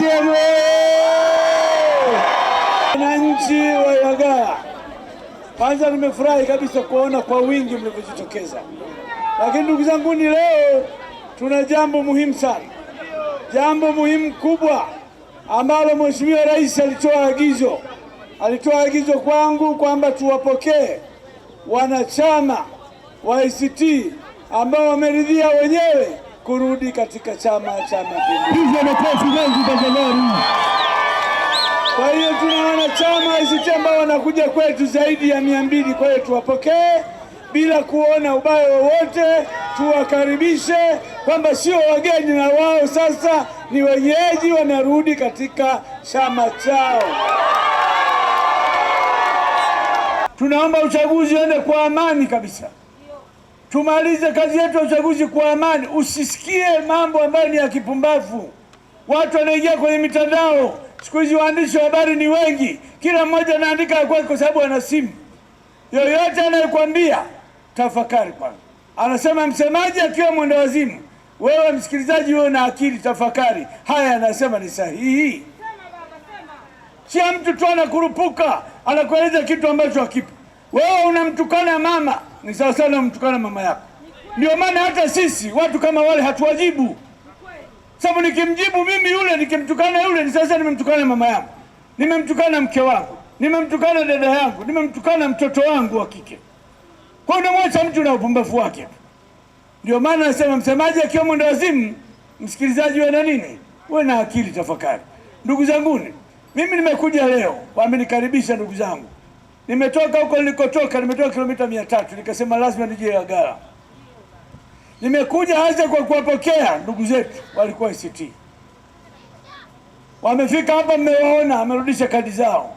CCM! Wananchi wa Ilagala, kwanza nimefurahi kabisa kuona kwa wingi mlivyojitokeza, lakini ndugu zanguni, leo tuna jambo muhimu sana, jambo muhimu kubwa ambalo Mheshimiwa Rais alitoa agizo, alitoa agizo kwangu kwamba tuwapokee wanachama wa ACT ambao wameridhia wenyewe kurudi katika Chama cha Mapinduzi. Kwa hiyo tuna wanachama ICT ambao wanakuja kwetu zaidi ya mia mbili. Kwa hiyo tuwapokee bila kuona ubaya wowote, tuwakaribishe kwamba sio wageni na wao sasa ni wenyeji, wanarudi katika chama chao. Tunaomba uchaguzi uende kwa amani kabisa tumalize kazi yetu ya uchaguzi kwa amani. Usisikie mambo ambayo ni ya kipumbavu. Watu wanaingia kwenye mitandao siku hizi, waandishi wa habari ni wengi, kila mmoja anaandika ya kwake kwa sababu ana simu. Yoyote anayekwambia tafakari kwanza, anasema msemaji akiwa mwenda wazimu. Wewe msikilizaji, wewe na akili, tafakari haya anasema ni sahihi. Sia mtu tu anakurupuka, anakueleza kitu ambacho hakipo. Wewe unamtukana mama ni sawa sana mtukana mama yako. Ndio maana hata sisi watu kama wale hatuwajibu, sababu nikimjibu mimi yule, nikimtukana yule, ni sawa sana nimemtukana mama yangu, nimemtukana mke wangu, nimemtukana dada yangu, nimemtukana mtoto wangu wa kike. Kwa hiyo unamwacha mtu na upumbavu wake. Ndio maana nasema msemaji akiwa mwendo wazimu, msikilizaji we na nini, we na akili, tafakari. Ndugu zanguni, mimi nimekuja leo, wamenikaribisha ndugu zangu Nimetoka huko nilikotoka, nimetoka kilomita mia tatu nikasema lazima nije Agara. Nimekuja hasa kwa kuwapokea ndugu zetu walikuwa ICT, wamefika hapa, mmewaona, amerudisha kadi zao.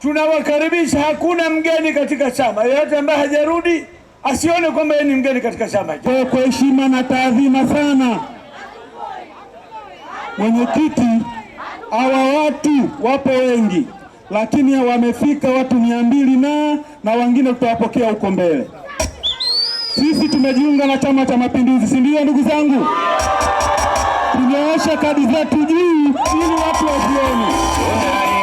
Tunawakaribisha, hakuna mgeni katika chama. Yeyote ambaye hajarudi asione kwamba yeye ni mgeni katika chama kwa heshima na taadhima sana. Mwenyekiti, hawa watu wapo wengi lakini wamefika watu mia mbili na na wengine tutawapokea huko mbele. Sisi tumejiunga na Chama cha Mapinduzi, si ndio ndugu zangu? Tumeosha kadi zetu juu ili watu wazione.